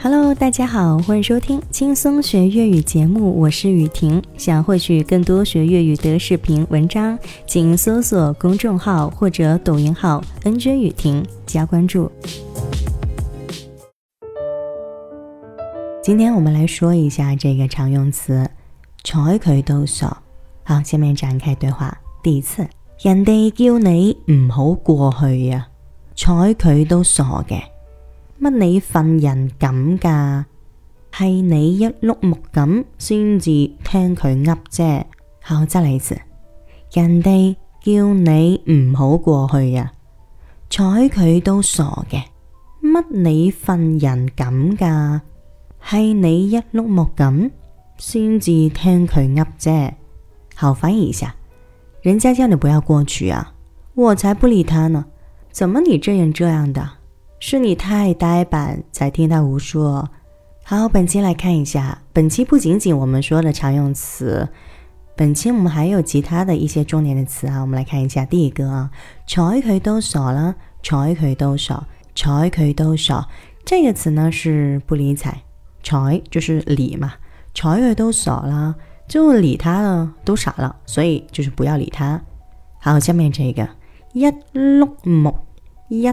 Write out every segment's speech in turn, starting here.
Hello，大家好，歡迎收聽輕鬆學粵語節目，我是宇婷。想獲取更多學粵語的視頻文章，請搜索公眾號或者抖音號 “NJ 宇婷”加關注。今天我們來說一下這個常用詞，睬佢都傻。好，下面展開對話。第一次，人哋叫你唔好過去呀、啊，「睬佢都傻」嘅。乜你份人咁噶？係你一碌木咁先至聽佢噏啫。好，再嚟一次。人哋叫你唔好過去啊，睬佢都傻嘅。乜你份人咁噶？係你一碌木咁先至聽佢噏啫。好，翻譯一下。人家叫你不要過去啊，我才不理他呢。怎麼你這樣這樣的？是你太呆板，才聽他胡說。好，本期來看一下，本期不僅僅我們說的常用詞，本期我們還有其他的一些重點的詞啊。我們來看一下第一個啊，睬佢都傻啦，睬佢都傻，睬佢都傻。這個詞呢是不理睬，睬就是理嘛，睬佢都傻啦，就理他了，都傻了，所以就是不要理他。好，下面這個一轆木一。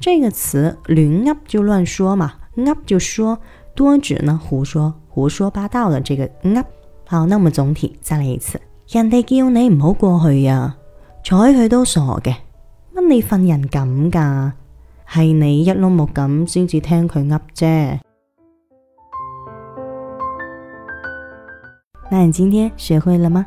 這個詞，亂噏就亂說嘛，噏就說，多指呢胡說，胡說八道的這個噏。好，那我們總體再來一次。人哋叫你唔好過去呀，睬佢都傻嘅，乜你份人咁噶？係你一碌木咁先至聽佢噏啫。那你今天學會了嗎？